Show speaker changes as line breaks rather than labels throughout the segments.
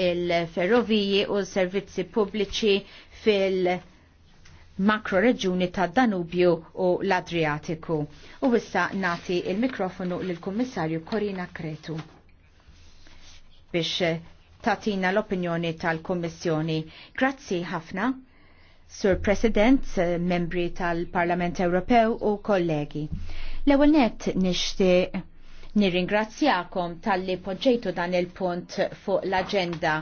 il-ferroviji u s-servizzi pubbliċi fil- makro reġuni ta' Danubju u l-Adriatiku. U wissa nati il-mikrofonu l-Kummissarju Korina Kretu biex tatina l-opinjoni tal-Kommissjoni. Grazzi ħafna, Sur President, membri tal-Parlament Ewropew u kollegi. L-ewwel nett nixtieq Nirringrazzjakom tal-li poġġejtu dan il-punt fuq l-agenda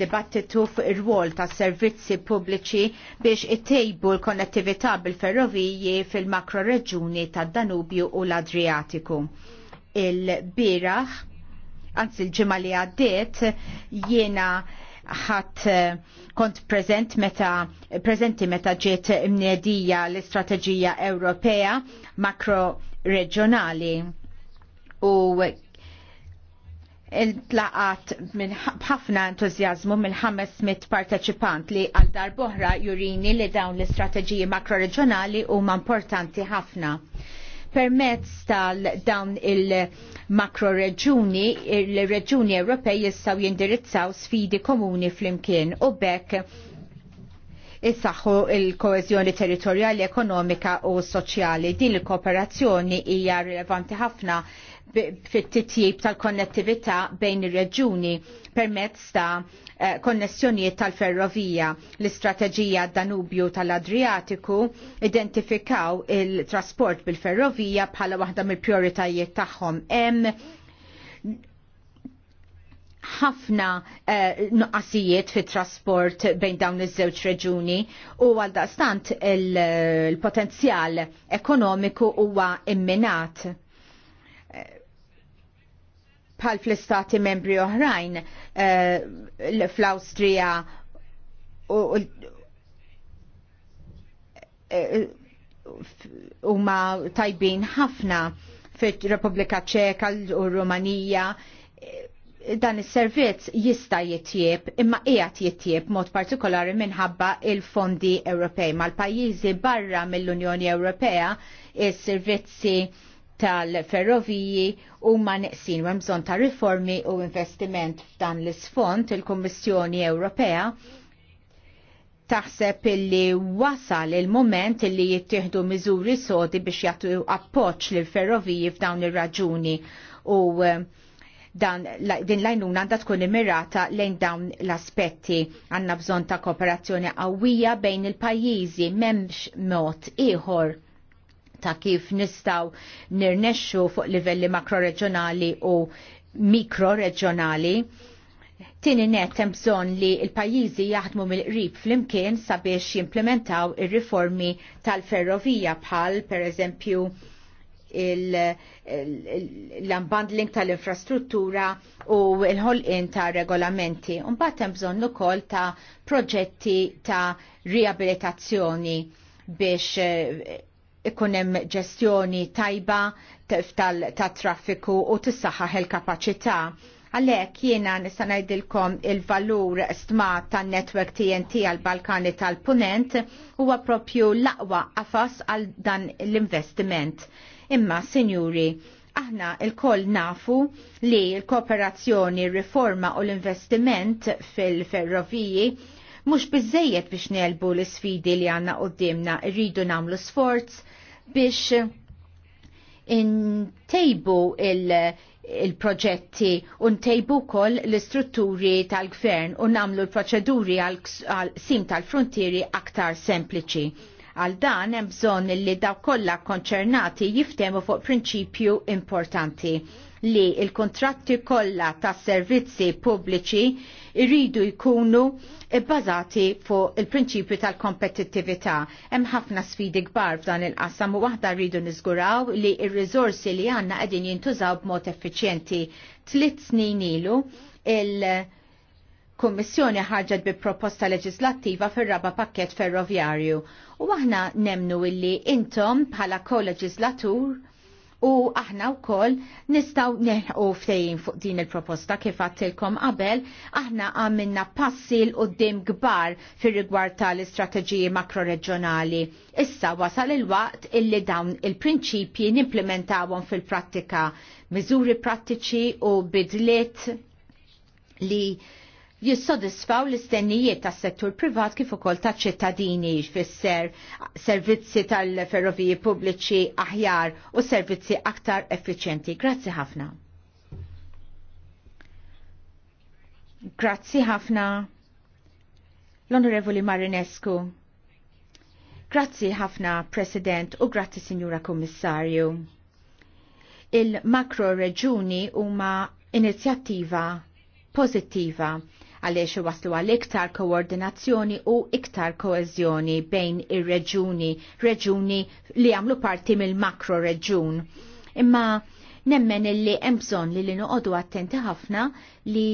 dibattitu fuq ir-rwol ta' servizzi pubbliċi biex ittejbu l-konnettività bil-ferroviji fil-makroreġuni tad-Danubju u l-Adriatiku. Il-biraħ, anzi l-ġimma li għaddiet, jiena ħat eh, kont prezent meta prezenti meta ġiet imnedija l-istrateġija Ewropea makro reġjonali u il-tlaqat bħafna entuzjazmu minn 500 parteċipant li għal darboħra jurini li dawn l-istrateġiji makroreġjonali huma importanti ħafna. Permezz tal-dawn il-makroreġuni, il-reġuni Ewropej jistgħu jindirizzaw sfidi komuni flimkien u bekk jissaxu il-koezjoni territorjali, ekonomika u soċjali. Din il-kooperazzjoni hija rilevanti ħafna fit-titjib tal-konnettività bejn ir-reġuni permezz ta' eh, konnessjonijiet tal-ferrovija. L-istrateġija Danubju tal-Adriatiku identifikaw il-trasport bil-ferrovija bħala waħda mill-prioritajiet tagħhom hemm ħafna eh, nuqqasijiet fit trasport bejn dawn iż-żewġ reġuni u għal daqstant il-potenzjal ekonomiku huwa imminat. Eh, bħal fl-istati membri oħrajn uh, eh, fl-Awstrija u eh, huma tajbin ħafna fir-Repubblika Ċeka u Rumanija dan is-servizz jista' jitjieb imma qiegħed jitjieb mod partikolari minħabba il-fondi Ewropej mal-pajjiżi barra mill-Unjoni Ewropea is-servizzi il tal-ferroviji u ma neqsin hemm bżonn ta' riformi u investiment f'dan l-isfond il-Kummissjoni Ewropea taħseb illi wasal il-moment illi jittieħdu miżuri sodi biex jagħtu appoġġ lill ferroviji f'dawn ir-raġuni u eh, dan din lajnuna għandha tkun immirata lejn dawn l-aspetti. Għandna bżonn ta' kooperazzjoni qawwija bejn il-pajjiżi m'hemmx mod ieħor ta' kif nistaw nirnexxu fuq livelli makroreġjonali u mikroreġjonali. Tini net hemm bżonn li l-pajjiżi jaħdmu mill-qrib flimkien sabiex jimplementaw ir-riformi tal-ferrovija bħal pereżempju l-unbundling tal-infrastruttura u l-ħolqin ta' regolamenti. mbagħad hemm bżonn ukoll ta' proġetti ta' riabilitazzjoni biex eh, ikunem ġestjoni tajba ta' traffiku u tissaħħaħ il-kapacità. Għalek jiena nista' ngħidilkom il-valur stmat tan netwerk TNT għal Balkani tal-Punent huwa propju l-aqwa qafas għal dan l-investiment. Imma, sinjuri, aħna il-koll nafu li l-kooperazzjoni, riforma u l-investiment fil-ferroviji mhux biżejjed biex nelbu l-isfidi li għandna qudiemna rridu nagħmlu sforz biex intejbu il-proġetti il u ntejbu kol l-istrutturi tal-gvern u namlu l-proċeduri għal-sim tal-frontieri aktar sempliċi. Għal dan hemm bżonn li daw kollha konċernati jiftemu fuq prinċipju importanti li il-kontratti kollha tas servizzi pubbliċi irridu jkunu bbażati fuq il-prinċipju tal-kompetittività. Hemm ħafna sfidi kbar f'dan il-qasam u waħda rridu niżguraw li r-riżorsi li għandna qegħdin jintużaw b'mod effiċjenti. Tliet snin ilu il- Kommissjoni ħarġet bi proposta leġislattiva fir-raba pakket ferroviarju u aħna nemnu illi intom bħala koleġislatur u aħna wkoll nistgħu neħu ftejn fuq din il-proposta kif għattilkom qabel, aħna għamilna passi l qudiem kbar fir-rigward tal-istrateġiji makroreġjonali. Issa wasal il-waqt illi dawn il-prinċipji nimplementawhom fil-prattika, miżuri prattiċi u bidliet li jissodisfaw l-istennijiet tas settur privat kif ukoll ta' ċittadini fisser servizzi tal-ferroviji pubbliċi aħjar u servizzi aktar effiċjenti. Grazzi ħafna. Grazzi ħafna. L-Onorevoli Marinescu. Grazzi ħafna, President, u grazzi, Signora Kommissarju. Il-makro reġuni huma inizjattiva pozittiva għaliex waslu għal iktar koordinazzjoni u iktar koezjoni bejn ir-reġuni, reġuni li għamlu parti mill-makro reġun. Imma nemmen illi hemm bżonn li li noqogħdu attenti ħafna li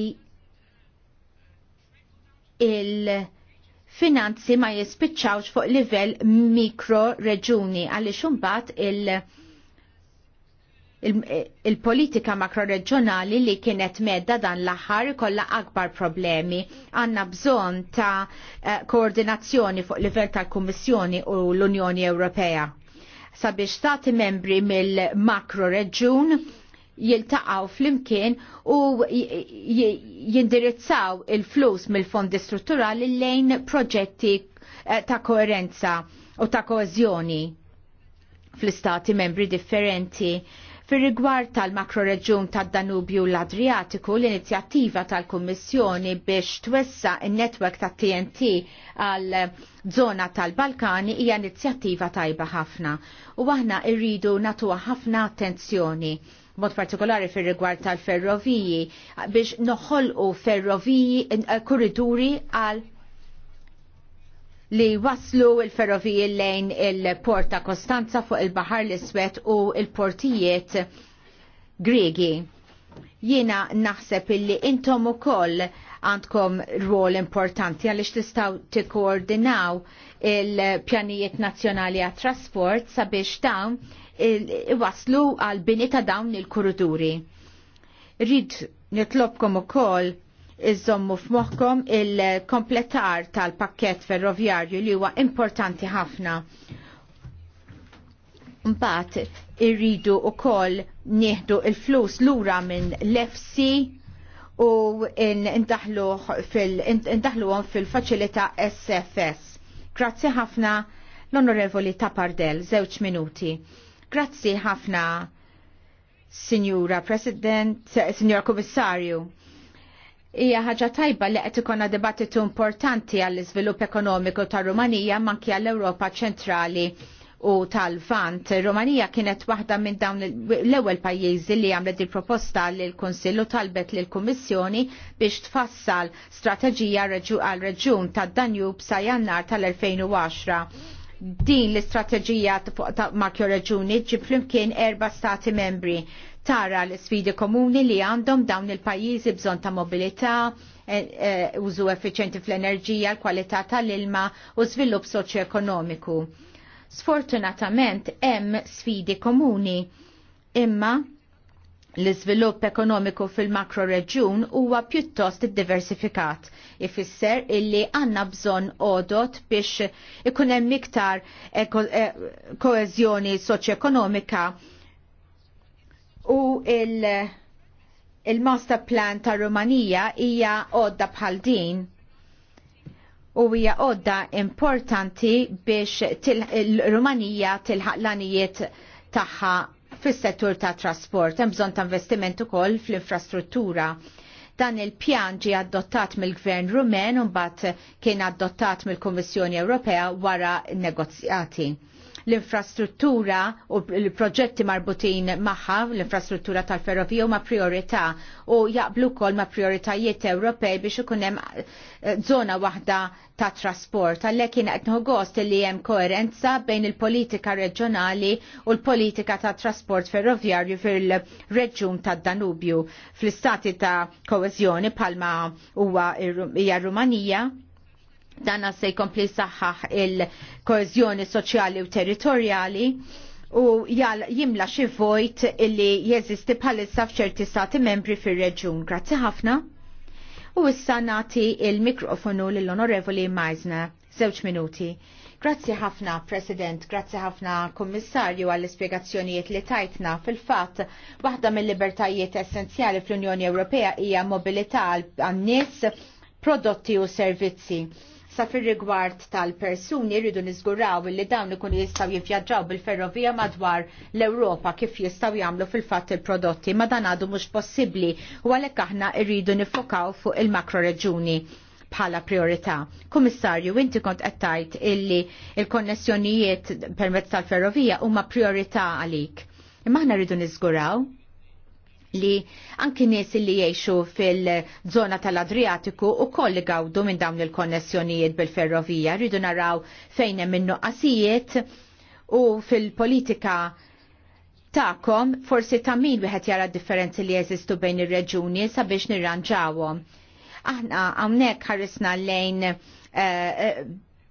il- finanzi ma jispiċċawx fuq livell mikro reġuni għaliex xumbat il- il-politika il makroreġjonali li kienet medda dan l-aħħar kollha akbar problemi. Għandna bżonn ta' uh, koordinazzjoni fuq livell tal-Kummissjoni u l-Unjoni Ewropea sabiex stati membri mill makroreġjun reġjun jiltaqaw flimkien u jindirizzaw il-flus mill-fondi strutturali lejn proġetti eh, ta' koerenza u ta' koezjoni fl-istati membri differenti Fir rigward tal-makroreġjun tad-Danubju l-Adriatiku, l-inizjattiva tal-Kummissjoni biex twessa in-netwerk tat TNT għal żona tal-Balkani hija inizjattiva tajba ħafna. U aħna rridu natuha ħafna attenzjoni mod partikolari fir rigward tal-ferroviji biex noħolqu ferroviji eh, korriduri għal li waslu il-ferroviji lejn il porta Kostanza fuq il-Bahar l-Iswed u il-portijiet Gregi. Jiena naħseb illi intom ukoll għandkom rwol importanti għaliex tistgħu tikkoordinaw il-pjanijiet nazzjonali għat trasport sabiex dawn waslu għal bini ta' dawn il-kuruduri. Rid nitlobkom ukoll iżommu f'moħħkom il-kompletar tal-pakket ferroviarju li huwa importanti ħafna. Mbagħad irridu wkoll nieħdu il-flus lura minn l efsi u indaħluhom fil, faċilità SFS. Grazzi ħafna l-Onorevoli Tapardel, żewġ minuti. Grazzi ħafna, Signora President, Signora Commissario. Hija ħaġa tajba li qed ikonna dibattitu importanti għall-iżvilupp ekonomiku tar rumanija manki għall-Ewropa ċentrali u tal-Vant. Rumanija kienet waħda minn dawn l-ewwel pajjiżi li għamlet il-proposta lil kunsillu talbet lil kummissjoni biex tfassal strateġija għal reġun tad-Danjub sa jannar tal-2010. Din l-istrateġija ta' makjo Reġuni ġib flimkien erba' stati membri tara l-sfidi komuni li għandhom dawn il-pajjiżi bżon ta' mobilità, e, e, użu effiċenti fl-enerġija, l-kwalità tal-ilma u żvilupp soċjoekonomiku. Sfortunatament hemm sfidi komuni imma l-iżvilupp ekonomiku fil-makro reġjun huwa pjuttost diversifikat. Ifisser illi għanna bżonn odot biex ikun hemm iktar e, koeżjoni soċjoekonomika ekonomika u il- il-master plan ta' Rumanija hija għodda bħal din u hija għodda importanti biex til rumanija tilħaq l-anijiet tagħha fis-settur ta' trasport. Hemm bżonn ta' investiment ukoll fl-infrastruttura. Dan il-pjan ġi adottat mill-Gvern Rumen u mbagħad kien adottat mill-Kummissjoni Ewropea wara negozjati l-infrastruttura u l-proġetti marbutin magħha, l-infrastruttura tal-ferrovija ma' priorità u jaqblu wkoll ma' prioritajiet Ewropej biex ikun hemm żona eh, waħda ta' trasport. Għallekin jien qed li hemm koerenza bejn il-politika reġjonali u l-politika ta' trasport ferrovjarju fil-reġjun ta' Danubju fl-istati ta' koeżjoni palma huwa hija Rumanija Danna se jkompli saħħaħ il-koezjoni soċjali u territorjali u jal jimla xi vojt illi jeżisti bħalissa f'ċerti stati membri fir-reġjun. Grazzi ħafna. U issa nagħti il-mikrofonu lill-Onorevoli Meisner. Żewġ minuti. Grazzi ħafna, President, grazzi ħafna, Kommissarju, għall-ispiegazzjonijiet li tajtna fil-fat. Waħda mill-libertajiet essenzjali fl-Unjoni Ewropea hija mobilità għan-nies, prodotti u servizzi Sa fir rigward tal-persuni rridu niżguraw li dawn ikunu jistgħu jivvjaġġaw bil-ferrovija madwar l-Ewropa kif jistgħu jagħmlu fil-fatt il-prodotti ma dan għadu mhux possibbli u għalhekk aħna rridu nifokaw fuq il-makroreġuni bħala priorità. Kummissarju, inti kont qed tgħid illi il-konnessjonijiet permezz tal-ferrovija huma priorità għalik. Imma aħna rridu niżguraw li anki nies li jiexu fil-zona tal-Adriatiku u koll gawdu minn dawn il-konnessjonijiet bil-ferrovija, rridu naraw fejn hemm in-nuqqasijiet u fil-politika ta'kom forsi ta' min wieħed jara differenzi li jeżistu bejn ir-reġuni sabiex nirranġawhom. Aħna hawnhekk ħarisna lejn eh, eh,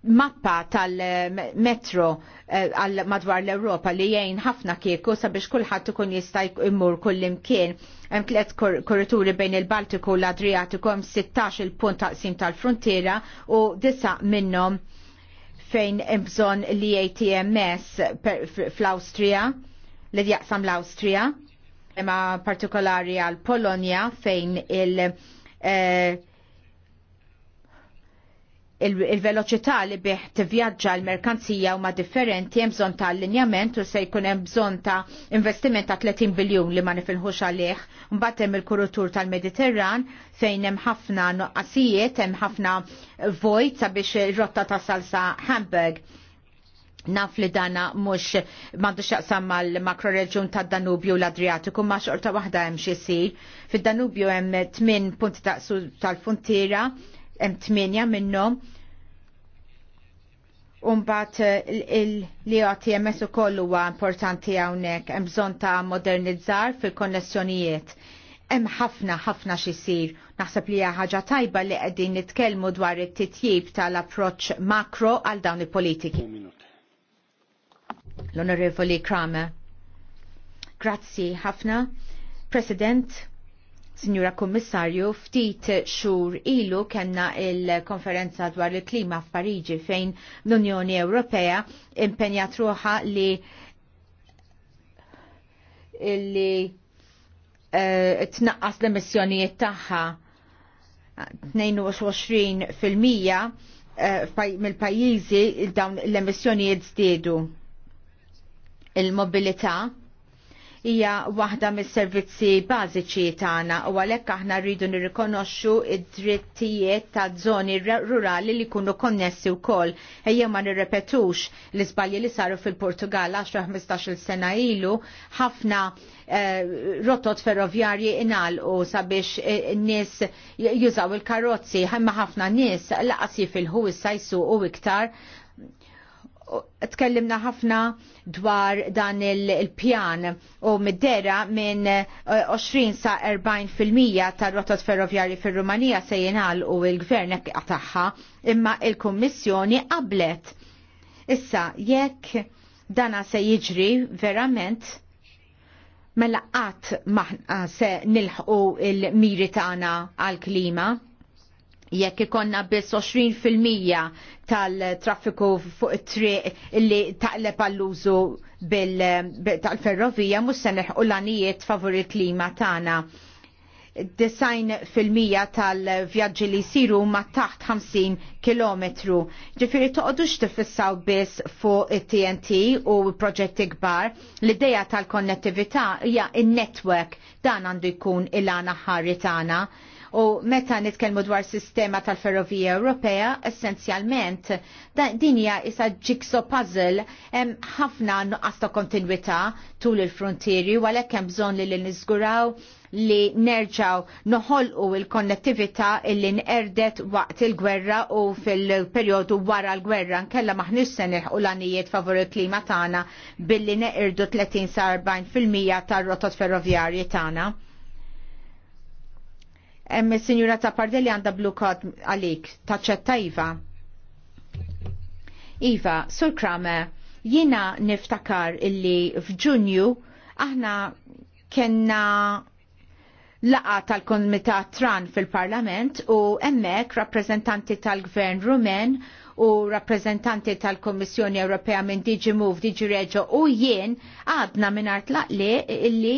mappa tal-metro eh, għal madwar l-Europa li jgħin ħafna kieku sabiex kullħat ikun jista' jmur kull imkien. Hemm tliet korrituri bejn il-Baltiku u l-Adriatiku hemm 16 il-punt taqsim tal-frontiera u disa minnhom fejn hemm bżonn li ATMS fl-Awstrija li jaqsam l-Awstrija imma partikolari għal Polonja fejn il- eh, il-veloċità li bih tivvjaġġa l-merkanzija huma differenti hemm bżonn ta' allinjament u se jkun hemm bżonn ta' investiment ta' 30 biljun li ma nifilħux għalih. Mbagħad hemm il-kurutur tal-Mediterran fejn hemm ħafna noqqasijiet, hemm ħafna vojt sabiex ir-rotta ta' salsa Hamburg naf li dana mux mandu xaqsam mal makroreġun ta' Danubju l-Adriatiku ma' xorta wahda hemm xisir. Fid-Danubju hemm 8 punti taqsu tal funtira hemm tminja minnhom Umbat eh, l-IOTMS u koll huwa importanti hawnhekk hemm bżonn ta' modernizzar fil-konnessjonijiet. Hemm ħafna ħafna xisir. Naħseb li hija ħaġa tajba li qegħdin nitkellmu dwar it-titjib tal-approċċ makro għal dawn il-politiki. L-Onorevoli Kramer. Grazzi ħafna. President, Signora Kommissarju, ftit xur ilu kena il-konferenza dwar il-klima f'Pariġi fejn l-Unjoni Ewropea impenjat ruħa li illi uh, tnaqqas l-emissjonijiet tagħha 22 fil-mija eh, mill-pajjiżi dawn l-emissjonijiet żdiedu. Il-mobilità hija waħda mis-servizzi bażiċi tagħna u għalhekk aħna rridu nirrikonoxxu id-drittijiet ta' żoni rurali li jkunu konnessi wkoll. Ejja ma nirrepetux l-iżbalji li saru fil-Portugal 10-15 sena ilu ħafna eh, rotot rotot inal u sabiex eh, nis nies jużaw il-karozzi, ħemma ħafna nies laqas jifilħu issa jsuqu iktar tkellimna ħafna dwar dan il-pjan u middera minn 20 eh, sa 40% tar-rotot ferrovjari fir-Rumanija se jenal u l-gvern tagħha imma il-Kummissjoni qablet. Issa jekk dana se jiġri verament mela qatt maħna se nilħqu il-miri tagħna għal-klima jekk ikonna biss 20% tal-traffiku fuq it-triq li taqleb għall-użu tal-ferrovija mhux se neħqu l-għanijiet favur il-klima tagħna. Design fil-mija tal-vjaġġi li jsiru ma taħt 50 km. Ġifieri toqgħodux tifissaw biss fuq it-TNT u proġetti kbar. L-idea tal-konnettività hija in netwerk dan għandu jkun il-għana ħarri tagħna U meta nitkellmu dwar sistema tal-Ferrovija Ewropea, essenzjalment din hija isa jigsaw puzzle hemm ħafna nuqqas ta' kontinwità tul il-frontieri u għalhekk hemm bżonn li niżguraw li nerġaw noħolqu il-konnettività illi nqerdet waqt il-gwerra u fil-perjodu wara l-gwerra nkella maħniex se nilħqu l-għanijiet favur il-klima tagħna billi neqirdu 30 sa 40% tar-rotot ferrovjarji tagħna Emm il-Sinjura Tapardelli għanda blu kod għalik, taċċetta Iva. Iva, sur krame, jina niftakar illi f'ġunju aħna kena laqa tal-Komitat Tran fil-Parlament u emmek rappresentanti tal-Gvern Rumen u rappresentanti tal-Kommissjoni Ewropea minn Digi Reġo u jien għadna minn art laqli illi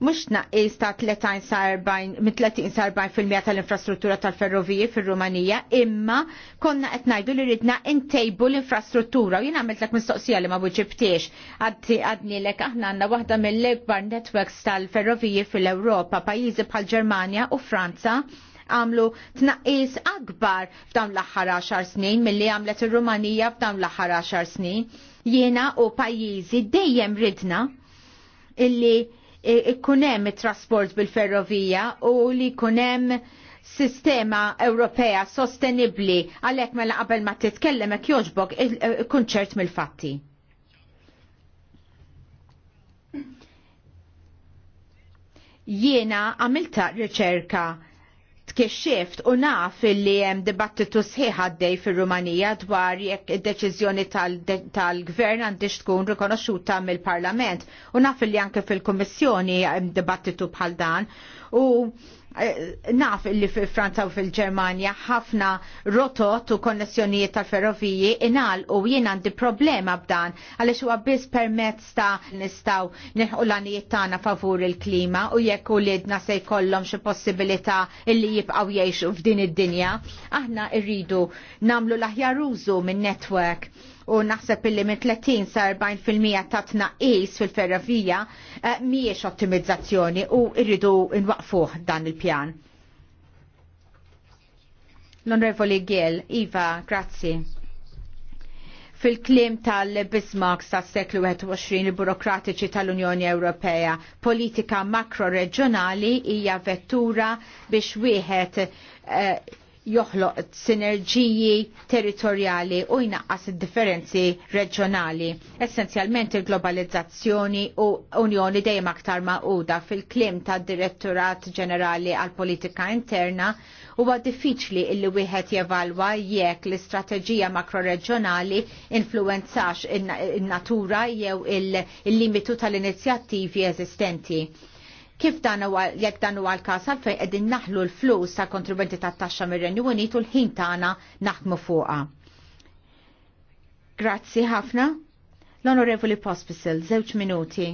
mux naqis ta' 30 sa' 40, tal-infrastruttura tal-ferroviji fil-Rumanija, imma konna qed ngħidu li ridna intejbu l-infrastruttura. Jina għamilt lek mistoqsija li ma buġibtiex, Għadni l-ek aħna għandna waħda mill ekbar networks tal-ferroviji fil-Ewropa, pajjiżi bħal Ġermanja u Franza għamlu tnaqqis akbar f'dawn l-aħħar 10 snin milli għamlet ir-Rumanija f'dawn l-aħħar 10 snin. Jiena u pajjiżi dejjem ridna illi ikkunem e, e, trasport bil-ferrovija u li kunem sistema Ewropea sostenibli għalek mela qabel ma titkellem ek joġbok e, kunċert mill-fatti. Jiena għamilta riċerka kixxift u naf li hemm dibattitu sħiħ għaddej fir-Rumanija dwar jekk id-deċiżjoni tal-gvern għandix tkun rikonoxxuta mill-Parlament u naf li anke fil-Kummissjoni hemm dibattitu bħal dan u Eh, naf illi fil Franza u fil-Germania ħafna rotot u konnessjonijiet tal-ferroviji inal u jien għandi problema b'dan għaliex huwa biss permezz ta' nistgħu neħu l-għanijiet tagħna favur il-klima u jekk ulidna se jkollhom xi possibilità illi jibqgħu jgħixu f'din id-dinja. Aħna rridu nagħmlu l-aħjar użu minn netwerk u naħseb illi minn 30 sa 40% ta' tnaqis fil-ferrovija eh, mhijiex ottimizzazzjoni u rridu nwaqfuh dan il-pjan. L-Onorevoli Giel, Iva, grazzi fil-klim tal-Bismarck tas seklu 21 burokratiċi tal-Unjoni Ewropea. Politika makro-reġjonali hija vettura biex wieħed eh, joħloq sinerġiji territorjali u jnaqqas differenzi reġjonali. Essenzjalment il-globalizzazzjoni u unjoni dejjem aktar maquda fil-klim ta' Direttorat Ġenerali għal Politika Interna huwa diffiċli illi wieħed jevalwa jekk l-istrateġija makroreġjonali influwenzax in-natura jew il-limitu tal-inizjattivi eżistenti Kif dan huwa jekk dan huwa l-każ għalfejn qegħdin naħlu l-flus ta' kontribwenti tat-taxxa mir-Renju Unit l-ħin tagħna naħdmu fuqha. Grazzi ħafna. L-Onorevoli Pospisil, żewġ minuti.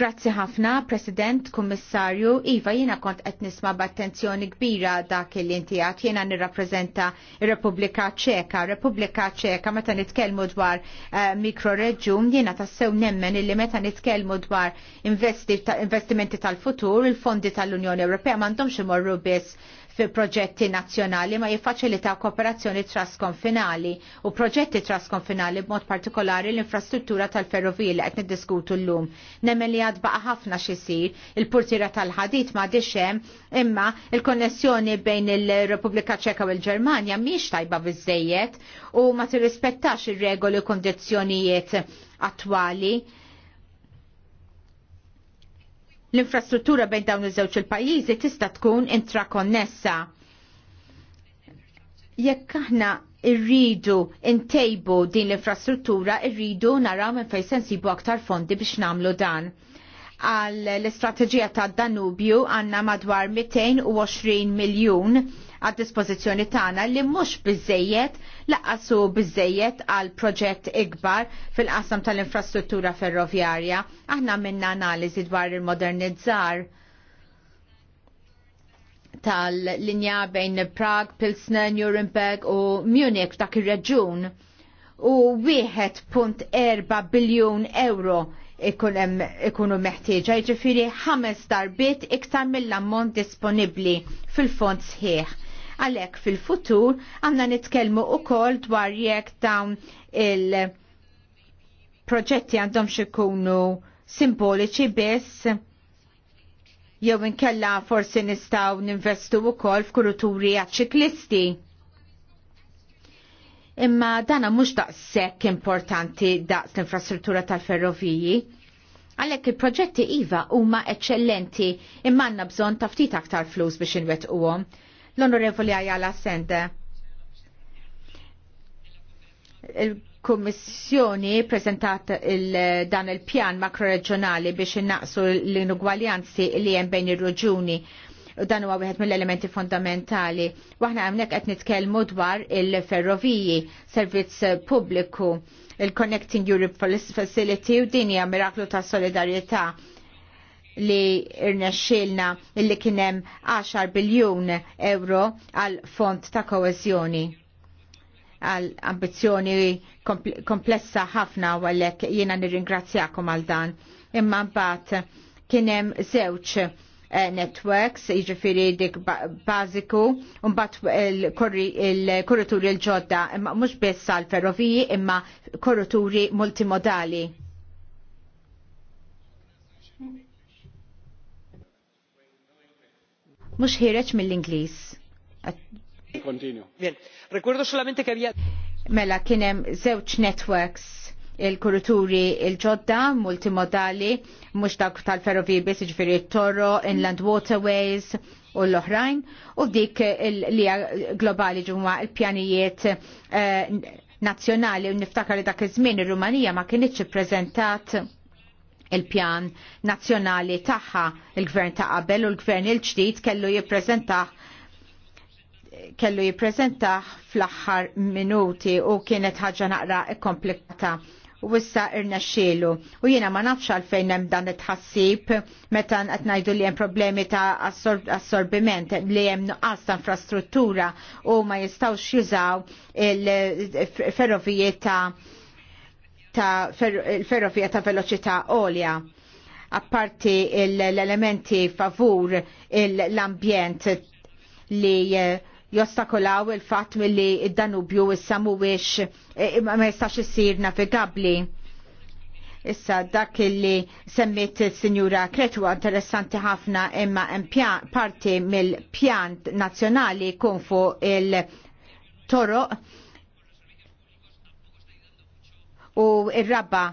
Grazzi ħafna, President, Kummissarju. Iva, jiena kont qed nisma' b'attenzjoni kbira dak il inti għad. Jiena nirrappreżenta repubblika Ċeka. Repubblika Ċeka meta nitkellmu dwar uh, mikroreġjun, jiena tassew nemmen illi meta nitkellmu dwar investimenti tal-futur, il-fondi tal-Unjoni Ewropea m'għandhomx imorru biss fi proġetti nazzjonali ma jiffaċilita kooperazzjoni trasconfinali u proġetti trasconfinali b'mod partikolari l-infrastruttura tal ferrovija li qed niddiskutu llum. Nemmen li għad baqa ħafna xisir il purtira tal-ħadit ma dixem imma il-konnessjoni bejn il-Repubblika Ċeka u l-Ġermanja mhix tajba biżejjed u ma tirrispettax ir-regoli u kondizzjonijiet attwali L-infrastruttura bejn dawn iż-żewġ il-pajjiżi tista' tkun intrakonnessa. Jekk aħna irridu intejbu din l-infrastruttura, irridu naraw minn fejn sensibu aktar fondi biex nagħmlu dan għal l-istrateġija ta' Danubju għanna madwar 220 miljon għad dispozizjoni tagħna li mhux biżejjed laqqasu biżejjed għal proġett ikbar fil-qasam tal-infrastruttura ferroviarja. Aħna minna analiżi dwar il-modernizzar tal-linja bejn Prague, Pilsner, Nuremberg u Munich dak ir-reġun u 1.4 biljun euro ikunu meħtieġa ġifiri ħames darbiet iktar mill-ammont disponibli fil-fond sħiħ. Għalek fil-futur għanna nitkelmu u kol dwar jekk dawn il-proġetti għandhom xikunu simboliċi biss jew inkella forsi nistaw ninvestu u kol f'kuruturi għad ċiklisti imma dana mhux daqshekk importanti daqs l-infrastruttura tal-ferroviji. Għalhekk il-proġetti IVA huma eċċellenti imma għandna bżonn ta' ftit aktar flus biex inwettquhom. L-Onorevoli Ajala Sende. Il-Kummissjoni preżentat il dan il-pjan makroreġjonali biex innaqsu l-inugwaljanzi li hemm bejn ir-reġuni dan huwa wieħed mill-elementi fondamentali. Waħna hemmhekk qed nitkellmu dwar il-ferroviji, servizz pubbliku, il-Connecting Europe Facility u din hija miraklu ta' solidarjetà li irnexxilna illi kien hemm 10 biljun euro għal fond ta' koeżjoni għal ambizjoni komplessa ħafna għalek jiena nirringrazzjakom għal dan. Imma mbagħad kien hemm żewġ Eh, networks, jiġifieri dik bażiku, bat il-korruturi l-ġodda, imma mhux biss għall ferroviji imma korruturi multimodali. Mhux ħireġ mill-Ingliż.
Continuo. Bien, recuerdo solamente que había...
Mela, kienem zewċ networks il-kurituri il-ġodda multimodali mhux dak tal-ferroviji biss il torro inland waterways u l-oħrajn u dik li globali ġumma il-pjanijiet eh, nazzjonali u niftakar li dak iż-żmien ir-Rumanija ma kienitx ippreżentat il-pjan nazzjonali tagħha il-gvern ta' qabel u l-gvern il-ġdid kellu jippreżentah kellu jippreżentah fl-aħħar minuti u kienet ħaġa naqra komplikata u issa irna xielu. U jiena ma nafx għalfejn hemm dan it-ħassib meta qed ngħidu li hemm problemi ta' assorbiment li hemm nuqqas ta' infrastruttura u ma jistgħux jużaw il-ferrovijiet ta' ta' ferrovija ta' veloċità olja apparti l-elementi favur l-ambjent li eh, jostakolaw il-fat mill-li id-Danubju issa mhuwiex e, e, ma jistax isir navigabbli. Issa dak li semmit il-Sinjura Kretu interessanti ħafna imma parti mill pjant nazzjonali kun fuq il-toroq u il rabba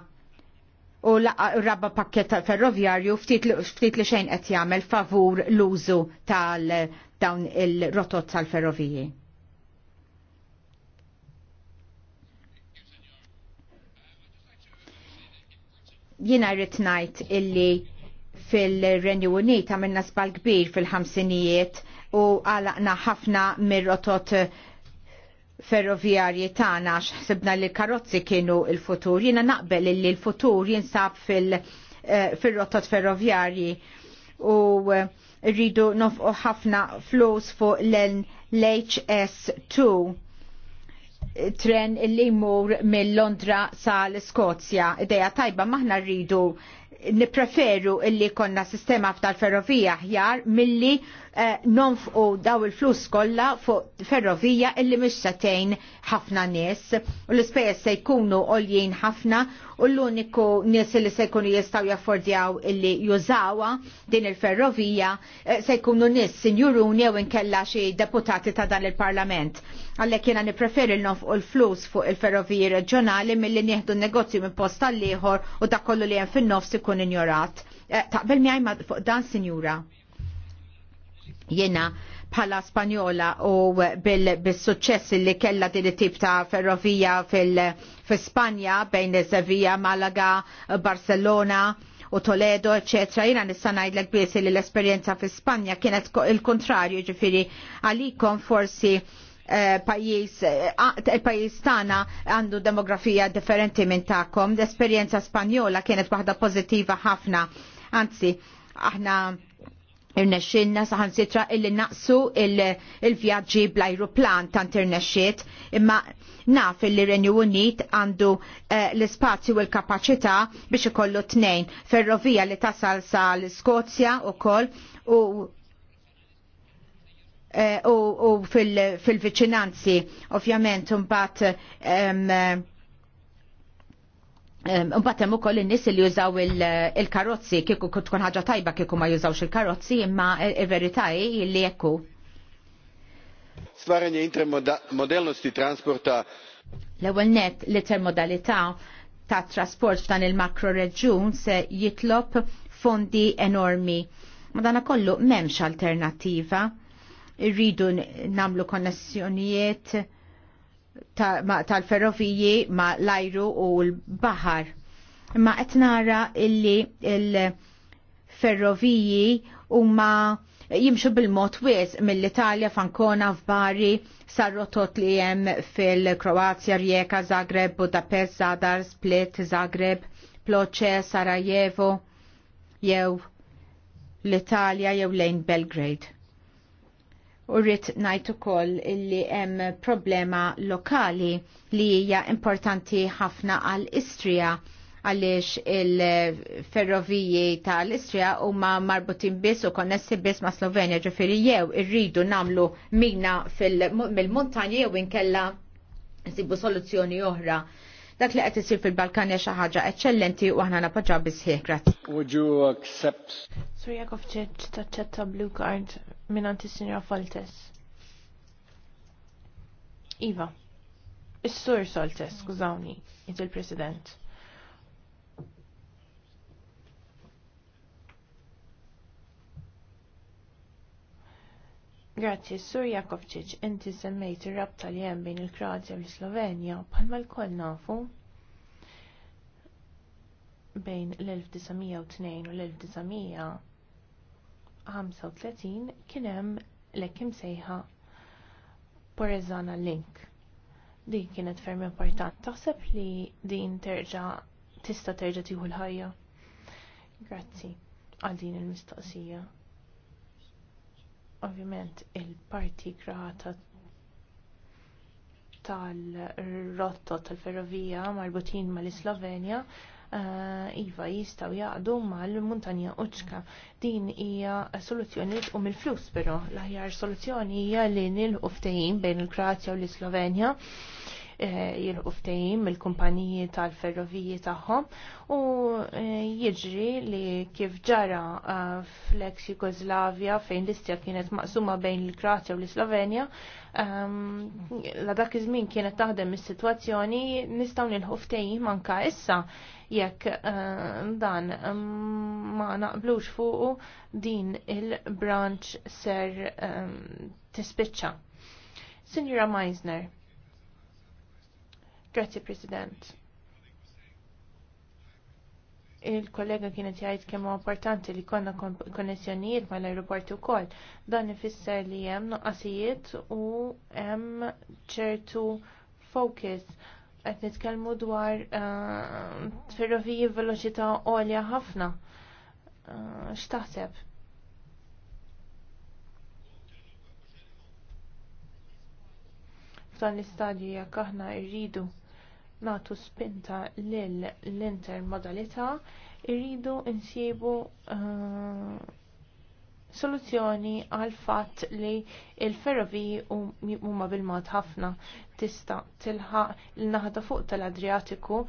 u l rabba pakket ferroviarju ftit li xejn qed jagħmel favur l-użu tal- dawn il-rotot tal-ferroviji. Jina rrit najt illi fil-Renju Unit għamilna sbal kbir fil-ħamsinijiet u għalaqna ħafna mir-rotot ferroviarji tagħna għax ħsibna li karozzi kienu il-futur. Jiena naqbel li l-futur jinsab eh, fil-rotot ferroviarji u eh, rridu nofqu ħafna flus fuq l-HS2 tren li jmur mill-Londra sa l skozja Ideja tajba maħna rridu nipreferu illi konna sistema f'tal ferrovija ħjar milli eh, nonfqu daw il-flus kollha fuq ferrovija illi mhix setejn ħafna nies u l-ispejjeż se jkunu għoljin ħafna u l-uniku nies li se jkunu jistgħu jaffordjaw illi jużawha din il-ferrovija eh, se jkunu nies sinjuruni jew inkella xi deputati ta' dan il-Parlament. Għallek jiena nippreferi l-nofqu l-flus fuq il-ferroviji reġjonali milli nieħdu n-negozju minn post tal-ieħor u dak kollu li hemm fin-nofs ikun injorat. Eh, taqbel mi fuq dan, sinjura. Jena bħala Spanjola u bil-success bil li kella din it-tip ta' ferrovija fil-Spanja bejn Sevilla, Malaga, Barcelona u Toledo, ecc. Jina nista' ngħidlek biss li l-esperjenza fi Spanja kienet il-kontrarju ġifieri għalikom forsi eh, pajjiż, pajis, eh, pajis tana għandu demografija differenti minn takom. L-esperienza spanjola kienet waħda pozittiva ħafna. Anzi, aħna irnexxinna saħan sitra illi naqsu il-vjaġġi il bl-ajruplan tant irnexxiet imma naf illi Renju Unit għandu eh, l-ispazju u l-kapacità biex ikollu tnejn ferrovija li tasal sa l-Skozja u koll eh, u u, fil-viċinanzi, ovvjament, un bat um, Mbatt hemm ukoll in-nies li jużaw il-karozzi kieku tkun ħaġa tajba kieku ma jużawx il-karozzi imma il-verità e, e, hi li jekku.
Stvaranje intermodelnosti transporta
L-ewwel net l-intermodalità ta' trasport f'dan il-makro reġjun se jitlob fondi enormi. Madana kollu m'hemmx alternativa. Irridu namlu konnessjonijiet tal-ferroviji ma l-ajru u l-bahar. Ma qed nara illi l-ferroviji huma jimxu bil-mod wies mill-Italja f'Ankona f'Bari sarrotot li hemm fil-Kroazja, Rijeka, Zagreb, Budapest, Zadar, Split, Zagreb, Ploce, Sarajevo, jew l-Italja jew lejn Belgrade u rrit najtu koll illi hemm problema lokali li hija importanti ħafna għal Istria għaliex il-ferroviji tal-Istria u ma marbutin bis u konnessi bis ma Slovenja ġifiri jew irridu namlu mina fil-montanje jew inkella nsibu soluzzjoni oħra. Dak li qed isir fil-Balkanja xi ħaġa eċċellenti u aħna napoġġa bisħieħ. Grazzi.
Would you accept? Surja Kovċeċ taċċetta blue card minant il-Sinjora Foltes. Iva, il-Sur Soltes, skużawni, int il-President. Grazzi, Sur Jakovčić, inti semmejt ir-rabta li hemm bejn il-Kroatja u l-Slovenja bħalma l-koll nafu bejn l-1902 u l-1900 35 kien hemm l-ekkim sejħa Porezana Link. Din kienet ferm importanti. Taħseb li din terġa' tista' terġa' tieħu l-ħajja. Grazzi għal din il-mistoqsija. Ovvjament il-parti grata tal rotot tal-ferrovija marbutin mal-Islovenja Eh, iva jistaw jaqdu mal-muntanja uċka. Din hija soluzzjoni u mill-flus però l-aħjar soluzzjoni hija li nilħu ftehim bejn il-Kroatja u l-Slovenja Eh, jilħu ftehim mill-kumpaniji tal-ferroviji tagħhom u eh, jiġri li kif ġara eh, fl-ex Jugoslavja fejn l-Istja kienet maqsuma bejn il-Kroatja u l-Slovenja ehm, la dak iż-żmien kienet taħdem is-sitwazzjoni nistgħu nilħu ftehim anka issa jekk dan ehm, ma naqblux fuq din il-branch ser ehm, tispiċċa. Signora Meisner, Grazie, President. Il-kollega kienet jgħid kemm huwa importanti li konna konnessjonijiet mal-aeroporti wkoll. Dan ifisser li hemm noqasijiet u hemm ċertu focus qed nitkellmu dwar uh, ferroviji veloċità għolja ħafna. Uh, X'taħseb? F'dan l-istadju jekk aħna rridu natu spinta l-intermodalità irridu insibu uh, eh, soluzzjoni għal fatt li il-ferroviji um, huma bil-mod ħafna tista' tilħaq il-naħda fuq tal-Adriatiku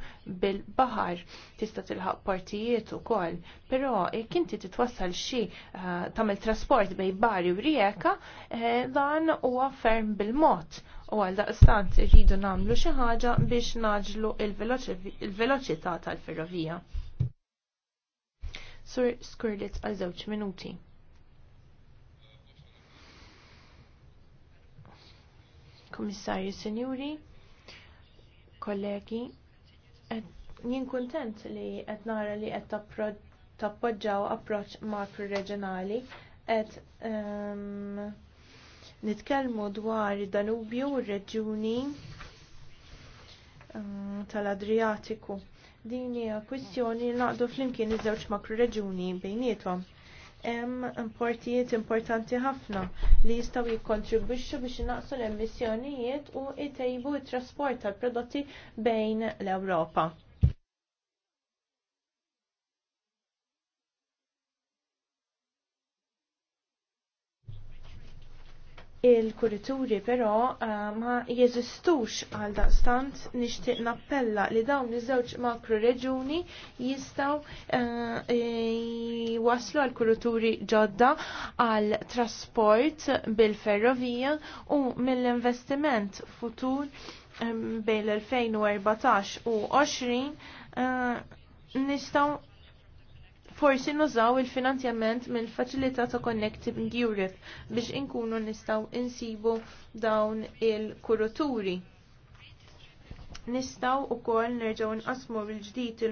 bil-baħar, tista' tilħaq partijiet ukoll, però jekk inti titwassal xi eh, tagħmel trasport bejn Bari u Rijeka, eh, dan huwa ferm bil-mod u għal daqstant irridu nagħmlu xi ħaġa biex naġlu il-veloċità tal-ferrovija. Sur skurlit għal żewġ minuti. Komissarju Senjuri, kollegi, jien kuntent li qed nara li qed tappoġġaw approċċ makro-reġjonali qed ehm, nitkellmu dwar id-Danubju u r-reġjuni ehm, tal-Adriatiku. Din hija kwistjoni li naqdu flimkien iż-żewġ makro-reġjuni bejniethom hemm importijiet importanti ħafna li jistgħu jikkontribwixxu biex inaqsu l-emissjonijiet u jtejbu t trasport tal-prodotti bejn l-Ewropa. Il-kurituri però eh, ma jeżistux għal daqstant nixtieq nappella li dawn iż-żewġ makro reġuni jistgħu eh, waslu għal kurituri ġodda għal trasport bil-ferrovija u mill-investiment futur eh, bejn l-2014 u 20 nistgħu forsi nużaw il-finanzjament mill faċilità ta' Connecting Europe biex inkunu nistaw insibu dawn il-kuruturi. Nistaw u kol nerġaw nqasmu bil-ġdijt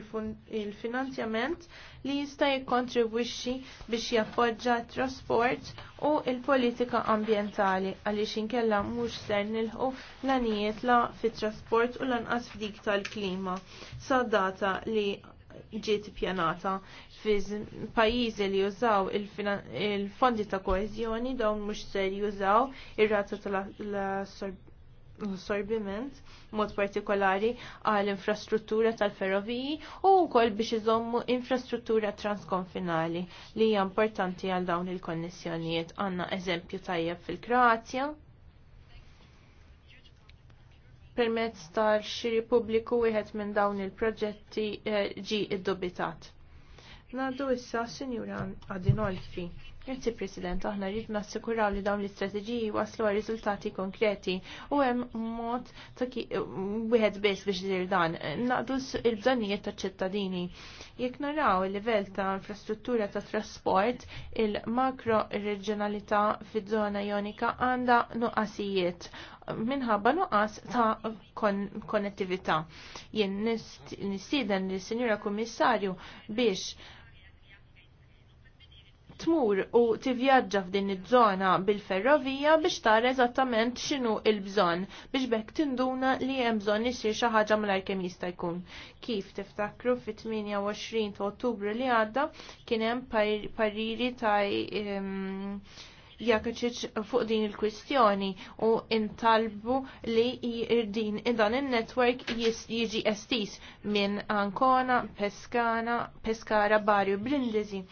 il-finanzjament li jista' jikkontribwixxi biex jappoġġa t trasport u il-politika ambientali għaliex inkella mhux ser nilħu l-anijiet la fit-trasport u lanqas f'dik tal-klima sa data li ġiet pjanata fi pajjiżi li jużaw il-fondi ta' koezjoni dawn mhux se jużaw ir-rata tal-assorbiment mod partikolari għal infrastruttura tal-ferroviji u wkoll biex iżommu infrastruttura transkonfinali li hija importanti għal dawn il-konnessjonijiet. Għandna eżempju tajjeb fil-Kroazja permezz tal-xiri pubbliku wieħed minn dawn il-proġetti eh, ġi iddubitat. Nadu issa Sinjura Adinolfi. Grazie President, aħna rridu nassikuraw li dawn l-istrateġiji waslu għal riżultati konkreti u hemm mod ta' wieħed biss biex dir dan. Naqdu il-bżonnijiet ta' ċittadini. Jekk naraw il-livell ta' infrastruttura ta' trasport, il-makro reġjonalità fiż-żona jonika għandha nuqqasijiet minħabba nuqqas ta' konnettività. Jien nistieden lis sinjura Kummissarju biex tmur u tivjaġġa f'din iż-żona bil-ferrovija biex tara eżattament x'inhu l-bżonn biex bekk tinduna li hemm bżonn isir xi ħaġa malajr kemm jista' jkun. Kif tiftakru fit-28 ta' Ottubru li għadda kien hemm pariri ta' Jakuċiċ fuq din il-kwistjoni u intalbu li din dan il-network jiġi estis minn Ancona, Pescana, Pescara, Barju, Brindisi.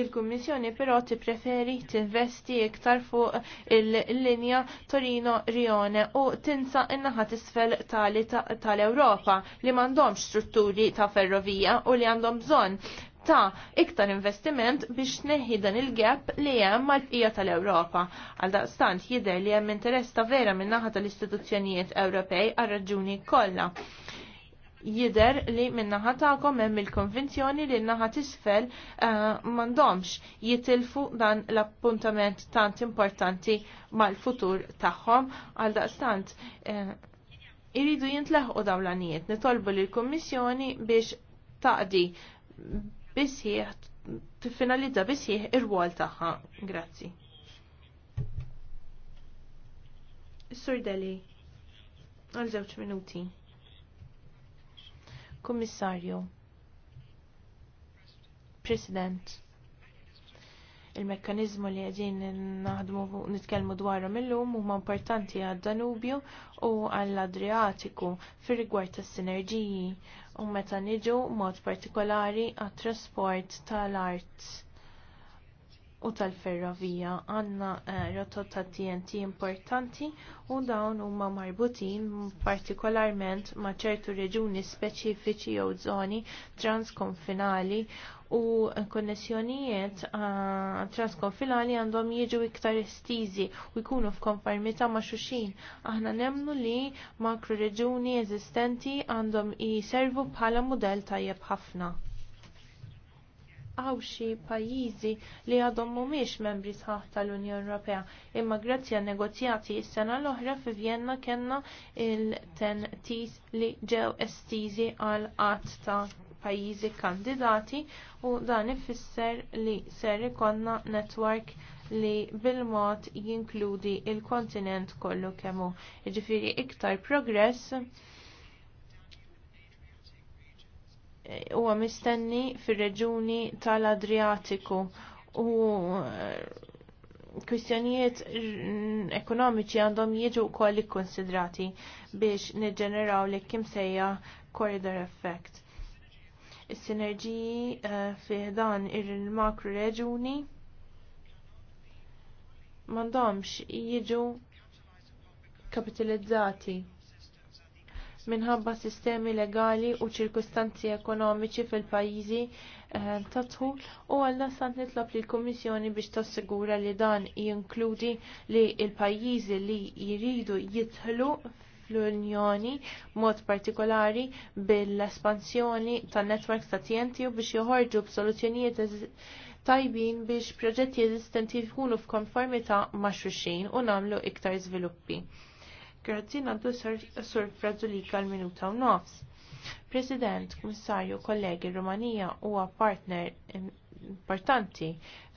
Il-Kummissjoni però tippreferi tinvesti iktar fuq il-linja Torino-Rione u tinsa in-naħa tisfel tal-Ewropa li m'għandhomx strutturi ta' ferrovija u li għandhom bżonn ta' iktar investiment biex neħi dan il-gap li hemm mal-bqija tal-Ewropa. Għal daqstant jidher li hemm interess ta' vera minn naħa tal-istituzzjonijiet Ewropej għal raġuni kollha. Jidher li minn naħa tagħkom hemm il-konvinzjoni li naħa tisfel uh, m'għandhomx jitilfu dan l-appuntament tant importanti mal-futur tagħhom għal daqstant uh, iridu jintleħqu dawn l Nitolbu lill kummissjoni biex taqdi bisħieħ tiffinalizza bisħieħ ir wol tagħha. Grazzi. Sur Deli, għal żewġ minuti. Kommissarju. President il-mekkanizmu li għedin naħdmu nitkelmu dwarra mill-lum huma importanti għad Danubju u għall-Adriatiku fir rigward tas sinerġiji u meta niġu mod partikolari għat-trasport tal-art u tal-ferrovija għandna eh, rotot ta' TNT importanti u dawn huma marbutin partikolarment ma' ċertu reġuni speċifiċi jew żoni transkonfinali u konnessjonijiet eh, transkonfinali għandhom jiġu iktar estiżi u jkunu f'konformità ma' xuxin. Aħna nemnu li makro reġuni eżistenti għandhom jiservu bħala mudell tajjeb ħafna għaw xi pajjiżi li għadhom mhumiex membri sħaħ tal-Unjoni Ewropea. Imma grazzi għan negozjati s-sena l-oħra fi Vienna kellna il-10 li ġew estiżi għal qatt ta' pajjiżi kandidati u dan ifisser li ser ikonna netwerk li bil-mod jinkludi l kontinent kollu kemm hu. Jiġifieri iktar progress huwa mistenni fir-reġuni tal-Adriatiku u eh, kwistjonijiet ekonomiċi għandhom jiġu wkoll ikkonsidrati biex niġġeneraw li kim sejja corridor effect. Is-sinerġiji fih eh, fi dan il-makro reġuni m'għandhomx jiġu kapitalizzati minħabba sistemi legali u ċirkustanzi ekonomiċi fil-pajjiżi eh, ta' u għalla sant nitlob li l-Kommissjoni biex tassigura li dan jinkludi li l-pajjiżi li jiridu jidħlu fl-Unjoni mod partikolari bil-espansjoni ta' networks ta' TNT u biex joħorġu b'soluzzjonijiet tajbin biex proġetti eżistenti jkunu f'konformità ma' xulxin u nagħmlu iktar żviluppi. Grazzi għandu s-sur Frazzulika l-minuta u nofs. President, Kummissarju, kollegi, Rumanija huwa partner importanti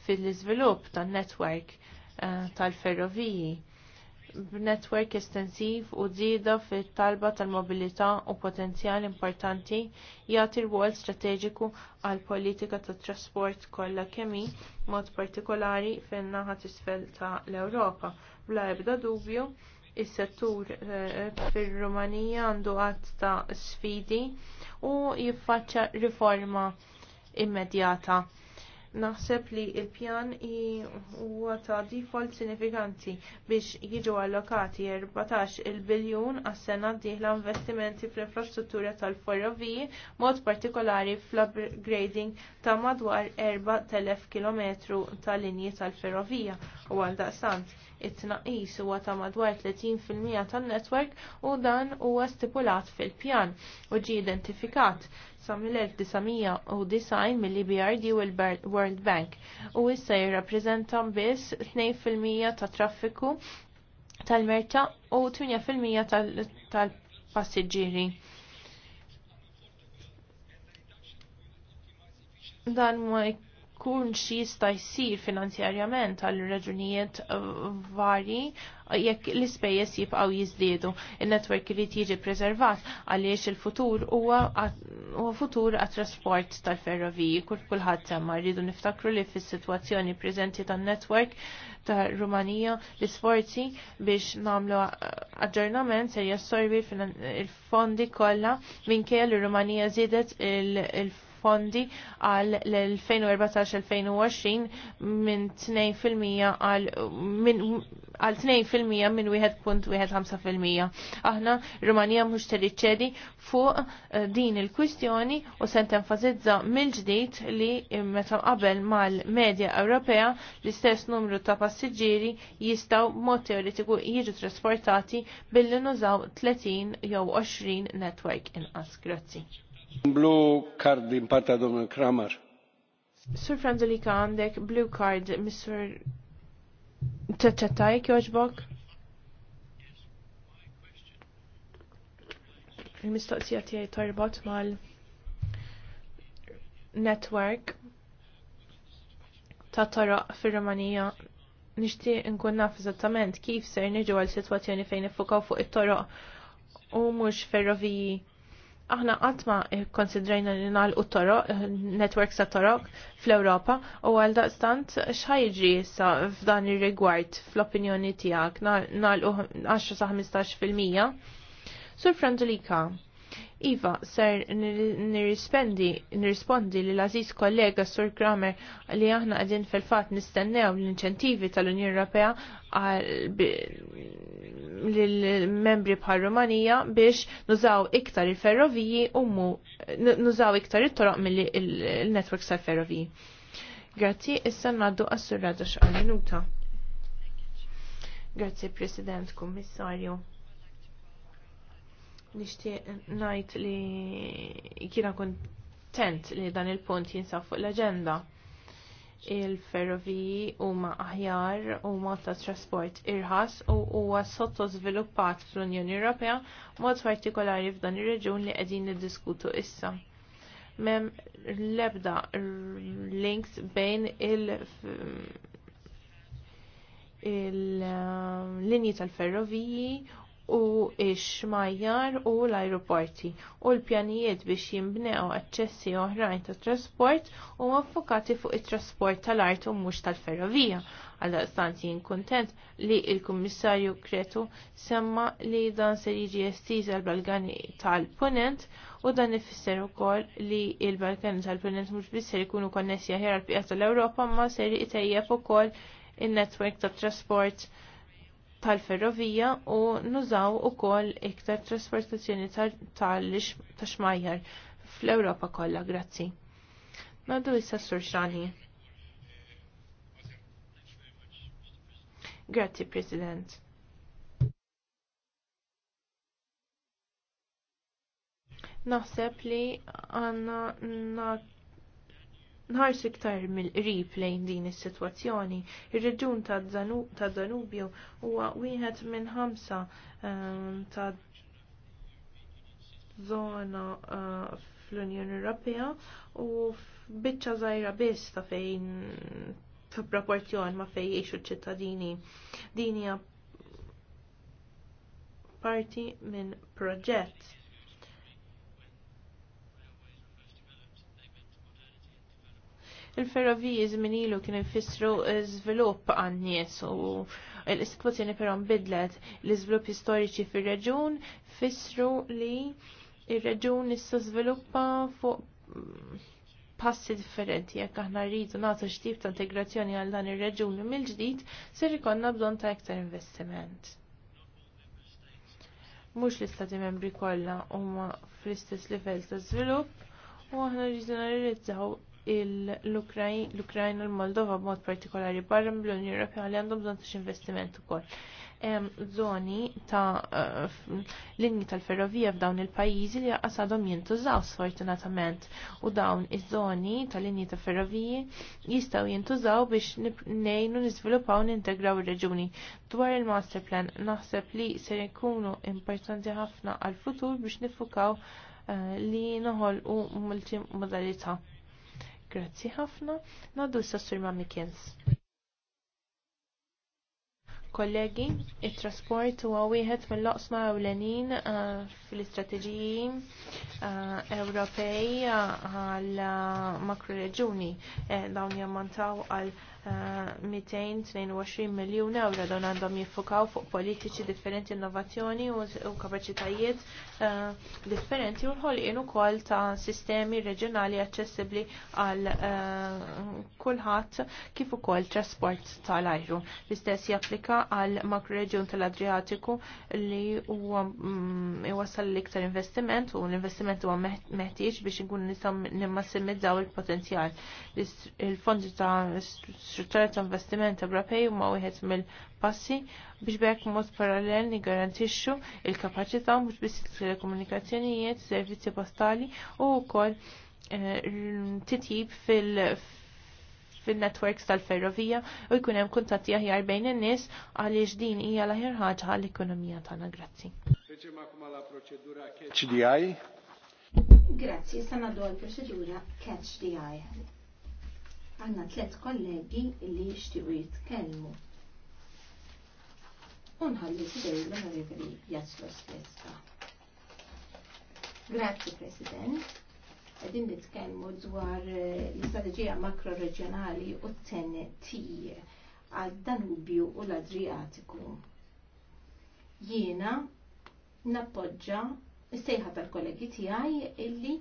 fil-iżvilupp tan-netwerk uh, eh, tal-ferroviji b'netwerk estensiv u żieda fit-talba tal-mobilità u potenzjal importanti jagħti l-wol strateġiku għal politika tat trasport kollha kemm mod partikolari fin-naħa t-isfel ta' l-Ewropa. Bla ebda dubju, is-settur eh, fir-Rumanija għandu għadd ta' sfidi u jiffaċċja riforma immedjata. Naħseb li l pjan huwa ta' default sinifikanti biex jiġu allokati 14 il biljun għas-sena d-dieħla investimenti fl-infrastruttura tal-ferroviji, mod partikolari fl-upgrading ta' madwar 4,000 km tal linji tal-ferrovija u għal daqsant it-tnaqis huwa ta' madwar 30% tan-netwerk u dan huwa stipulat fil-pjan u ġie identifikat sa' mill-1990 mill BRD u l-World Bank u issa jirrappreżenta biss 2% ta' traffiku tal-merta u 8% tal-passiġġieri. dan ma xi jista' jsir finanzjarjament għal raġunijiet eh, varji jekk l-ispejjeż jibqgħu jiżdiedu. In-netwerk irid jiġi preservat għaliex il-futur huwa futur għat trasport tal-ferroviji. Kull kulħadd semma rridu niftakru li fis-sitwazzjoni preżenti tan-netwerk ta' Rumanija l-isforzi biex namlu eh, aġġornament se jassorbi il-fondi kollha minkejja li Rumanija żiedet il-fondi fondi għal l-2014-2020 minn 2% għal għal 2% minn 1.15%. Aħna Rumanija mhux teriċċedi fuq eh, din il-kwistjoni u se tenfasizza mill-ġdid li eh, meta qabel mal-medja Ewropea l-istess numru ta' passiġġieri jistgħu mod teoretiku jiġu trasportati billi nużaw 30 jew 20 network inqas. Grazzi. Blue card din parta Sur Franzolika għandek blue card, Mr. Ċaċċattaj kjoġbok? Il-mistoqsija tiegħi torbot mal network ta' toroq fir-Rumanija nixtieq nkun naf eżattament kif ser niġu għal sitwazzjoni fejn iffukaw fuq it-toroq u mhux ferroviji aħna għatma konsidrejna li nalqu toro, eh, networks ta' torok fl-Europa u għal daqstant xħajġi issa f'dan ir-rigward fl-opinjoni tijak nalqu 10 sa' 15%. Sur Frandolika, Iva, ser nirrispendi, nirrispondi li l-aziz kollega Sur Kramer li aħna għadin fil-fat nistennew l-inċentivi tal-Unjoni Ewropea l-membri bħal Rumanija biex nużaw iktar il-ferroviji u mu nużaw iktar il-toroq mill-networks tal-ferroviji. Grazzi, issa naddu għas-surra għal minuta. Grazzi, President, Kommissarju. Nishtiq najt li kiena kontent li dan il-punt jinsab fuq l-agenda il-ferroviji huma aħjar u mod ta' trasport irħas u huwa sottosviluppat fl-Unjoni Ewropea mod partikolari f'dan ir-reġun li qegħdin niddiskutu issa. Mem l-ebda links bejn il- il-linji tal-ferroviji u ix-xmajjar u l-ajruporti u l-pjanijiet biex jimbnew aċċessi oħrajn ta' trasport u affokati fuq it-trasport tal-art u mhux tal-ferrovija. Għalla jien kontent li il-Kummissarju Kretu semma li dan se jiġi estiż għal balgani tal-Ponent u dan ifisser ukoll li il balgani tal-Ponent mhux biss se jkunu konnessi aħjar għal-pjazza tal ewropa ma se jitejjeb ukoll in netwerk tat trasport tal-ferrovija u nużaw ukoll iktar trasportazzjoni tal-xmajjar fl-Ewropa kollha, grazzi. Nadu issa sur xrani. Grazzi, President. Naħseb li għanna nħarsu iktar mill-qrib lejn din is-sitwazzjoni. Ir-reġun ta' Danubju huwa wieħed minn ħamsa ehm, ta' zona eh, fl-Unjoni Ewropea u biċċa żgħira biss ta' fejn ta' proporzjon ma' fejn jgħixu ċ-ċittadini. Din hija parti minn proġett il-ferroviji żmien ilu kienu jfissru żvilupp għan-nies u l-istituzzjoni però nbidlet l-iżvilupp istoriċi fir-reġun fissru li ir-reġun issa żviluppa fuq passi differenti jekk aħna rridu nagħtu x'tip ta' integrazzjoni għal dan ir-reġun mill-ġdid se jkollna bżonn ta' iktar investiment. Mhux l-istati membri kollha huma fl-istess livell ta' żvilupp u aħna rridu nirrizzaw l-Ukrajna l-Moldova b'mod partikolari barra mill-Unjoni Ewropea li għandhom bżonn tax investiment ukoll. Hemm żoni ta' eh, linji tal-ferrovija f'dawn il-pajjiżi li għasadhom jintużaw sfortunatament u dawn iż-żoni ta' linji ta' ferroviji jistgħu jintużaw biex ngħinu niżviluppaw nintegraw ir-reġuni. Dwar il-master plan naħseb li ser ikunu importanti ħafna għal-futur biex nifukaw eh, li u multimodalità. Grazzi ħafna. Naddu s-sassur ma' Mikens. Kollegi, it-trasport huwa wieħed mill-oqsma ewlenin uh, fil-istrateġiji uh, Ewropej uh, għal makroreġuni eh, dawn jammantaw għal 222 miljun euro dawn għandhom jiffukaw fuq politiċi differenti innovazzjoni u kapaċitajiet differenti u l-ħolqien ukoll ta' sistemi reġjonali aċċessibbli għal kulħadd kif ukoll trasport tal-ajru. L-istess japplika għal makroreġjun tal-Adriatiku li huwa iwassal l-iktar investiment u l-investiment huwa meħtieġ biex inkun nistgħu nimmassimizzaw il-potenzjal. Il-fondi ta' struttura ta' investiment Ewropej huma wieħed mill-passi biex b'hekk mod parallel nigarantixxu il-kapaċità mhux biss telekomunikazzjonijiet, servizzi postali u wkoll eh, titjib fil fil-networks tal-ferrovija u jkun hemm kuntatti aħjar bejn in-nies għaliex din hija l-aħjar ħaġa għall-ekonomija tagħna. Grazzi.
Grazzi, sanadu due procedure Catch the Eye għanna tlet kollegi li jixtiequ jitkellmu. Unħalli s-sej l-onorevoli Jaslo Stessa. Grazzi, President. Għedin nitkellmu dwar eh, l-istrateġija makroreġjonali u t-TNT għal Danubju u l-Adriatiku. Jiena nappoġġa s sejħa tal-kollegi tiegħi illi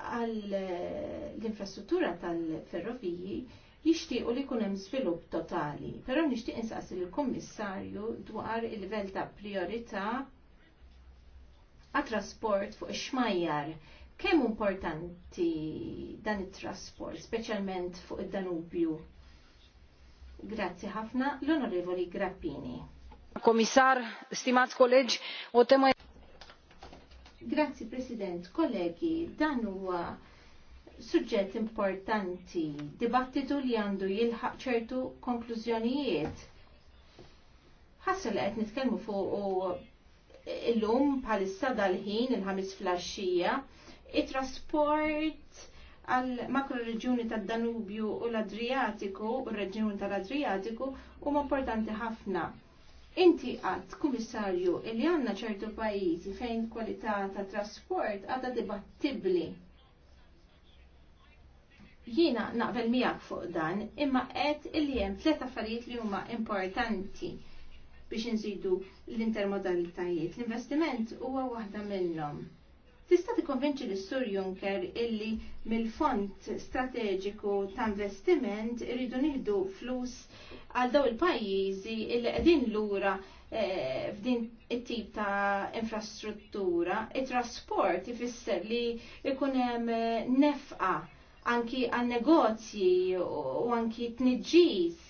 għall-infrastruttura tal-ferroviji jixtiequ li jkun hemm żvilupp totali, però nixtieq insaqsi lill-Kummissarju dwar il-livell ta' prijorità għat-trasport fuq ix-xmajjar. Kemm importanti dan it-trasport, speċjalment fuq id-Danubju? Grazzi ħafna l-Onorevoli Grappini. Komissar, stimat colegi, Grazzi President, kollegi, dan huwa suġġett importanti, dibattitu li għandu jilħaq ċertu konklużjonijiet. Ħassal qed nitkellmu fuq illum bħalissa dal-ħin il-ħamis flaxxija, it-trasport għal makroreġjuni tad-Danubju u l-Adriatiku u r-reġjun tal-Adriatiku huma importanti ħafna Inti għad, kummissarju, li għanna ċertu pajizi fejn kwalità ta' trasport għadha dibattibli. Jiena naqbel miegħek fuq dan, imma qed illi hemm tliet affarijiet li huma importanti biex inżidu l-intermodalitajiet. L-investiment huwa waħda minnhom Tista' tikkonvinċi l sur Juncker illi mill-Fond Strateġiku ta' Investiment irridu nieħdu flus għal daw il-pajjiżi illi qegħdin lura eh, f'din it-tip ta' infrastruttura, it-trasport ifisser li jkun hemm eh, nefqa anki għan negozji u anki tniġġis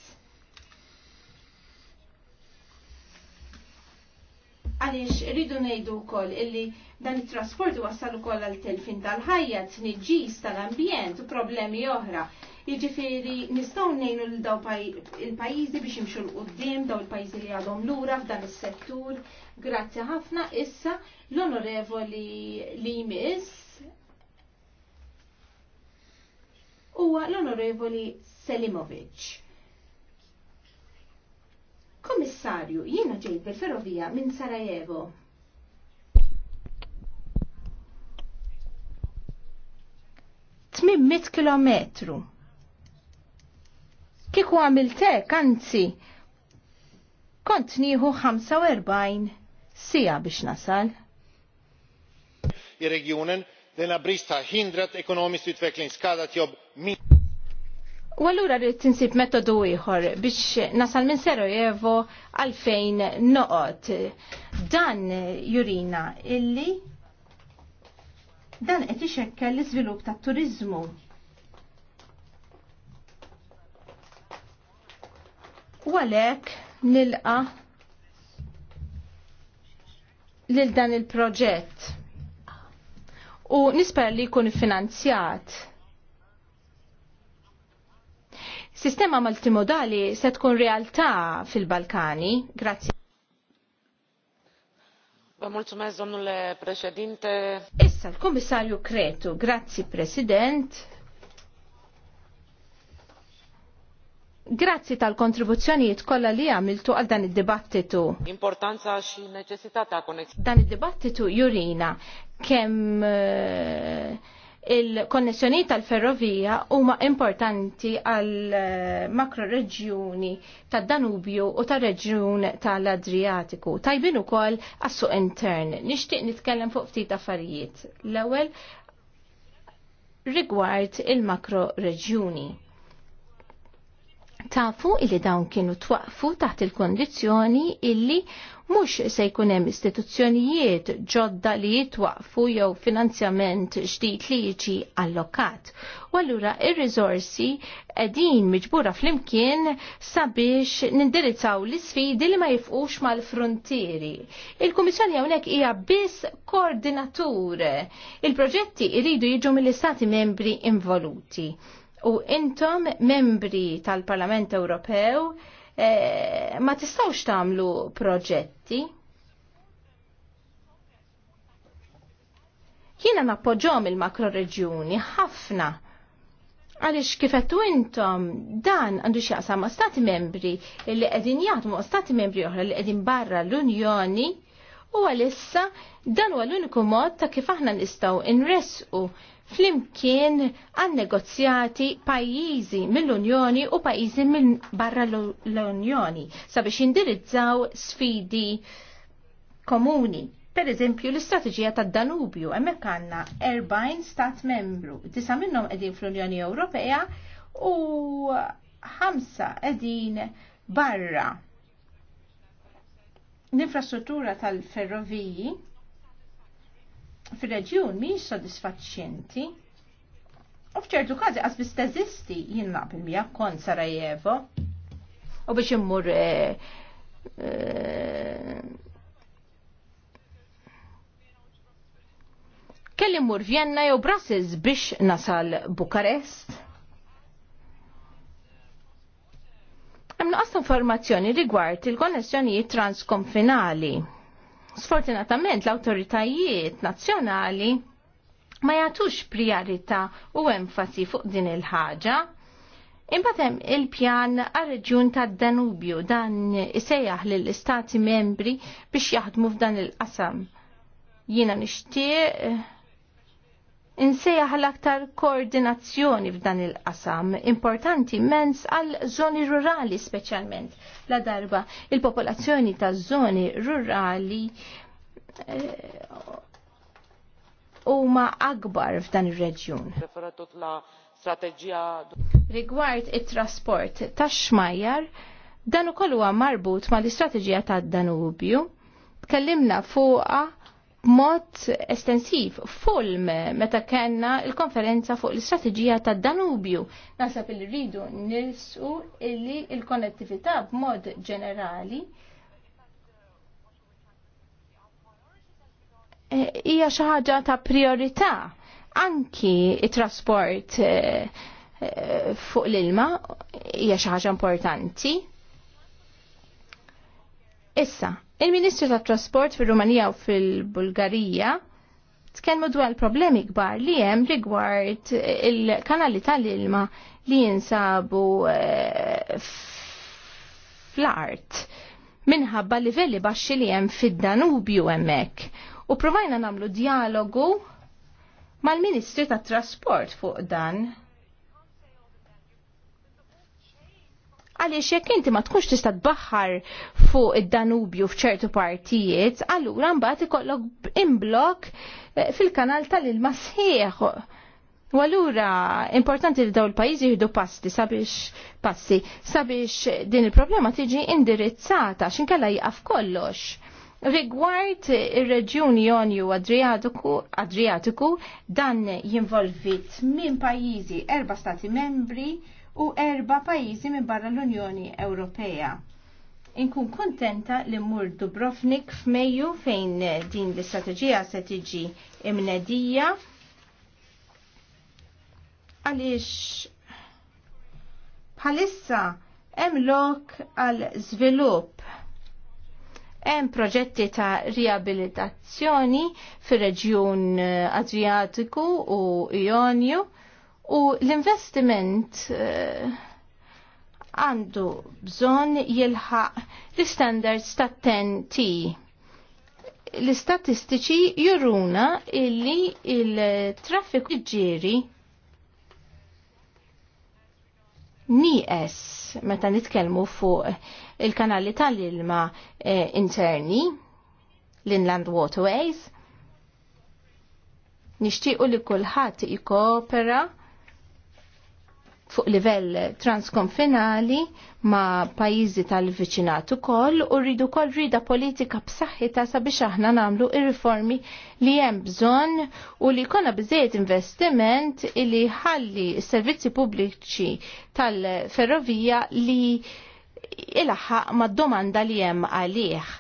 għaliex rridu ngħidu wkoll illi dan it-trasport wassal ukoll għal telfin tal-ħajja, tniġġis tal-ambjent u problemi oħra. Jiġifieri nistgħu ngħinu l daw il-pajjiżi biex imxu l qoddim daw il-pajjiżi li għadhom lura f'dan is-settur. Grazzi ħafna issa l-onorevoli li miss huwa l-onorevoli Selimovic. Komissarju, jiena ġej bil-ferrovija minn Sarajevo. mit kilometru. Kiku għamiltek, anzi, kont nieħu 45 sija biex nasal.
ir regjunen dena brista hindrat ekonomisk utveckling, skadat jobb, min
U għallura rrit tinsib metodu ieħor biex nasal minn seru jevo għalfejn noqot. Dan jurina illi dan qed ixekka l-iżvilupp tat-turizmu. U għalhekk nilqa lil dan il-proġett. U nispera li jkun finanzjat Sistema multimodali se tkun realtà fil-Balkani. grazie. mulțumesc, domnule președinte. Issa, l-Comisariu Cretu, grazie, president. Grazzi tal-kontribuzzjonijiet kollha li għamiltu għal dan id-dibattitu. Importanza xi neċessità ta' Dan id-dibattitu jurina kemm uh, eh, il-konnessjoni tal-ferrovija huma importanti għal eh, makroreġjuni tad danubju u tar reġjun tal-Adriatiku. Tajbin ukoll għas-suq intern. Nixtieq nitkellem fuq ftit affarijiet. L-ewwel rigward il-makroreġjuni tafu illi dawn kienu twaqfu taħt il-kondizjoni illi mhux se jkun hemm istituzzjonijiet ġodda li jitwaqfu jew finanzjament ġdid li jiġi allokat. U allura ir-riżorsi qegħdin miġbura flimkien sabiex nindirizzaw l-isfidi li ma jifqux mal-frontieri. Il-Kummissjoni hawnhekk hija biss koordinatur. Il-proġetti jridu jiġu mill-Istati membri involuti u intom membri tal-Parlament Ewropew eh, ma tistawx tagħmlu proġetti. Jiena nappoġġom il-makroreġjuni ħafna għalix kifettu intom dan għandu xaqsa ma' stati membri li għedin ma' stati membri oħra li għedin barra l-Unjoni u għalissa dan huwa l-uniku mod ta' kif aħna nistgħu nresqu flimkien għan negozjati pajjiżi mill-Unjoni u pajjiżi minn barra l-Unjoni sabiex indirizzaw sfidi komuni. Per eżempju, l-istrateġija tad Danubju, hemmhekk għandna 40 stat membru, disa minnhom qegħdin fl-Unjoni Ewropea u ħamsa qegħdin barra. L-infrastruttura tal-ferroviji fil-reġjun mi soddisfaċċenti. U f'ċertu każi għas bistazisti teżisti jien naqbel kont Sarajevo. U biex immur e, e, kelli mur Vienna jew Brussels biex nasal Bukarest. Hemm naqas informazzjoni rigward il-konnessjonijiet transkonfinali. Sfortunatament l-autoritajiet nazzjonali ma jagħtux prijarità u enfasi fuq din il-ħaġa. Imbatem il-pjan għal-reġjun ta' Danubju dan isejjaħ lill-istati membri biex jaħdmu f'dan il-qasam. Jiena nixtieq eh, insejjaħ l-aktar koordinazzjoni f'dan il-qasam, importanti mens għal żoni rurali speċjalment. La darba il-popolazzjoni ta' żoni rurali eh, huma ma' akbar f'dan ir-reġjun. Rigward it-trasport tax xmajjar, dan ukoll huwa marbut mal-istrateġija ta' danubju tkellimna fuqa b'mod estensiv, fulm, meta kellna il-konferenza fuq l-istrateġija ta' Danubju. Nasab li rridu nilsu illi il-konnettività b'mod ġenerali eh, hija xi ħaġa ta' priorità anki it-trasport eh, eh, fuq l-ilma hija xi ħaġa importanti. Issa, Il-Ministru tat Trasport fil-Rumanija u fil-Bulgarija tkellmu dwar problemi kbar li hemm rigward il-kanali tal-ilma li jinsabu eh, fl-art minħabba livelli baxxi li hemm fid-Danubju hemmhekk. U provajna nagħmlu dialogu mal-Ministri tat Trasport fuq dan għaliex jekk inti ma tkunx tista' tbaħħar fuq id-Danubju f'ċertu partijiet, allura mbagħad ikollok imblok eh, fil-kanal tal-ilma sħiħ. U allura importanti li daw il-pajjiżi jieħdu pasti sabiex passi sabiex din il-problema tiġi indirizzata x'inkella jaqaf kollox. Rigward ir reġjun Jonju Adriatiku, Adriatiku dan jinvolvi minn pajjiżi erba' stati membri u erba pajjiżi minn barra l-Unjoni Ewropea. Inkun kontenta li mmur Dubrovnik f'Mejju fejn din l-istrateġija se tiġi imnedija għaliex bħalissa hemm lok għal żvilupp hemm proġetti ta' riabilitazzjoni fir-reġjun Adriatiku u Ionju U l-investiment eh, għandu bżon jilħaq l-standards ta' 10T. L-istatistiċi juruna illi il-traffiku ġiri nies meta nitkellmu fuq il-kanali tal-ilma eh, interni l-inland waterways nixtiequ li kulħadd ikopera fuq livell transkonfinali ma' pajizi tal-viċinat ukoll u rridu wkoll rida politika b'saħħitha sabiex aħna nagħmlu ir-riformi li hemm bżonn u li jkollna biżejjed investiment li ħalli s-servizzi pubbliċi tal-ferrovija li ilaħħaq mad-domanda li hemm għalih.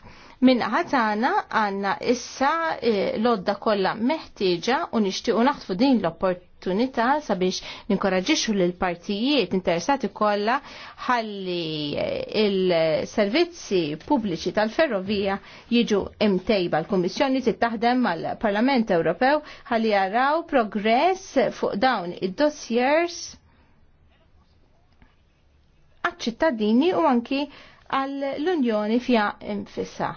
Min ħatana għanna issa eh, lodda kollha meħtieġa u nixtiequ naħtfu din l-opportunità opportunità sabiex ninkoraġixxu lil partijiet interessati kollha ħalli eh, il-servizzi pubbliċi tal-ferrovija jiġu imtejba. L-Kummissjoni tittaħdem mal-Parlament Ewropew ħalli jaraw progress fuq dawn id-dossiers għaċ-ċittadini u anki għall-Unjoni fija infissa.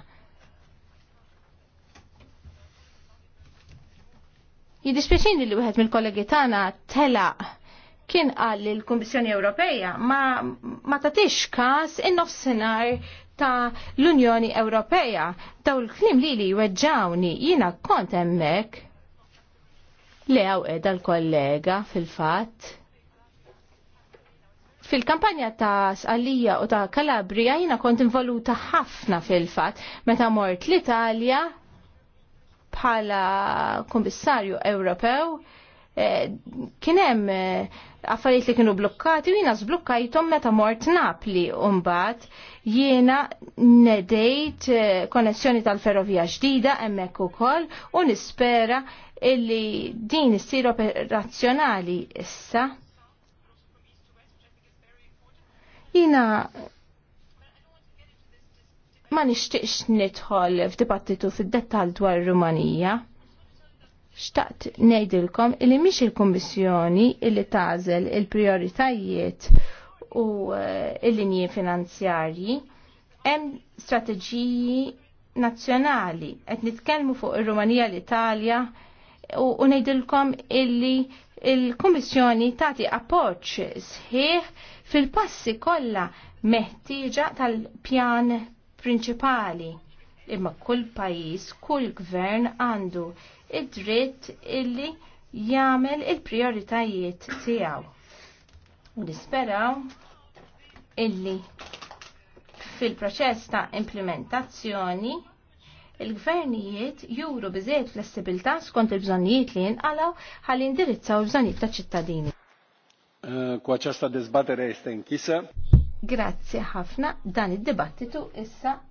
Jidispjaċini li wieħed mill-kollegi tagħna telaq kien qal li l-Kummissjoni Ewropeja ma, ma tatix każ in-nofsinhar ta' l-Unjoni Ewropeja. Daw l-klim li li weġġawni jiena kont hemmhekk. Le edha l-kollega fil-fatt. Fil-kampanja ta' Sqalija u ta' Kalabria jiena kont involuta ħafna fil-fatt meta mort l-Italja bħala Kummissarju Ewropew eh, kien hemm eh, affarijiet li kienu blokkati u jiena żblukkajthom meta mort Napli u mbagħad jiena nedejt eh, konnessjoni tal-ferrovija ġdida hemmhekk ukoll u nispera illi din issir operazzjonali issa. Jiena ma nixtieqx nidħol f'dibattitu fid-dettall dwar Rumanija. Xtaqt ngħidilkom li mhix il-Kummissjoni illi tażel il prijoritajiet u eh, l-linji finanzjarji hemm strateġiji nazzjonali qed nitkellmu fuq ir-Rumanija l-Italja u ngħidilkom illi il-Kummissjoni tagħti appoġġ sħiħ fil-passi kollha meħtieġa tal-pjan prinċipali. Imma kull pajis, kull gvern għandu id-dritt illi jagħmel il-prioritajiet tiegħu. Nisperaw illi fil-proċess ta' implementazzjoni il-gvernijiet juru biżejt flessibilità skont il-bżonnijiet li jinqalaw ħalli indirizzaw il-bżonnijiet ta' ċittadini. Ku eh, aceasta dezbatere este Grazzi ħafna dan id-dibattitu issa